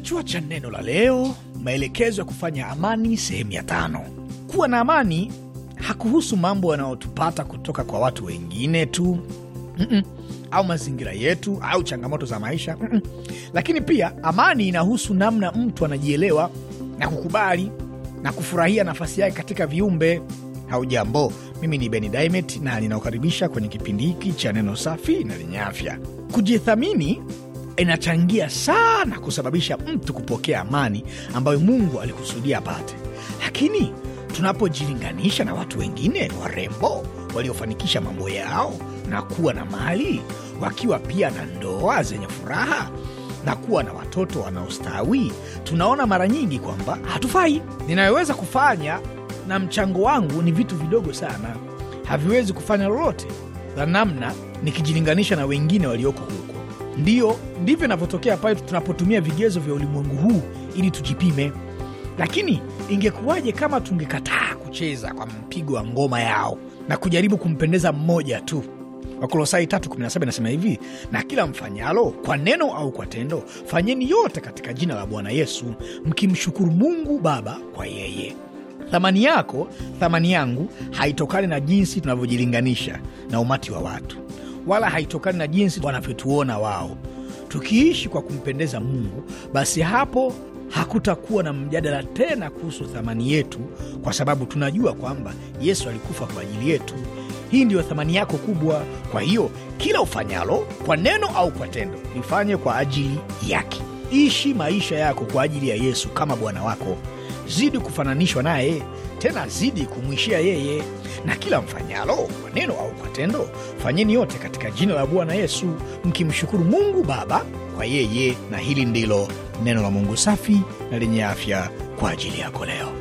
Kichwa cha neno la leo: maelekezo ya kufanya amani, sehemu ya tano. Kuwa na amani hakuhusu mambo yanayotupata kutoka kwa watu wengine tu mm -mm. au mazingira yetu au changamoto za maisha mm -mm. Lakini pia amani inahusu namna mtu anajielewa na kukubali na kufurahia nafasi yake katika viumbe. Haujambo, mimi ni Beni Dimet na ninaokaribisha kwenye kipindi hiki cha neno safi na lenye afya. Kujithamini inachangia sana kusababisha mtu kupokea amani ambayo Mungu alikusudia apate. Lakini tunapojilinganisha na watu wengine warembo waliofanikisha mambo yao na kuwa na mali, wakiwa pia na ndoa zenye furaha na kuwa na watoto wanaostawi, tunaona mara nyingi kwamba hatufai. Ninayoweza kufanya na mchango wangu ni vitu vidogo sana, haviwezi kufanya lolote la namna nikijilinganisha na wengine walioko huko. Ndiyo, ndivyo inavyotokea pale tunapotumia vigezo vya ulimwengu huu ili tujipime. Lakini ingekuwaje kama tungekataa kucheza kwa mpigo wa ngoma yao na kujaribu kumpendeza mmoja tu? Wakolosai 3:17 inasema hivi, na kila mfanyalo kwa neno au kwa tendo, fanyeni yote katika jina la Bwana Yesu, mkimshukuru Mungu Baba kwa yeye. Thamani yako, thamani yangu haitokani na jinsi tunavyojilinganisha na umati wa watu wala haitokani na jinsi wanavyotuona wao. Tukiishi kwa kumpendeza Mungu, basi hapo hakutakuwa na mjadala tena kuhusu thamani yetu, kwa sababu tunajua kwamba Yesu alikufa kwa ajili yetu. Hii ndiyo thamani yako kubwa. Kwa hiyo kila ufanyalo, kwa neno au kwa tendo, lifanye kwa ajili yake. Ishi maisha yako kwa ajili ya Yesu kama Bwana wako zidi kufananishwa naye, tena zidi kumwishia yeye. Na kila mfanyalo, kwa neno au kwa tendo, fanyeni yote katika jina la Bwana Yesu, mkimshukuru Mungu Baba kwa yeye. Na hili ndilo neno la Mungu safi na lenye afya kwa ajili yako leo.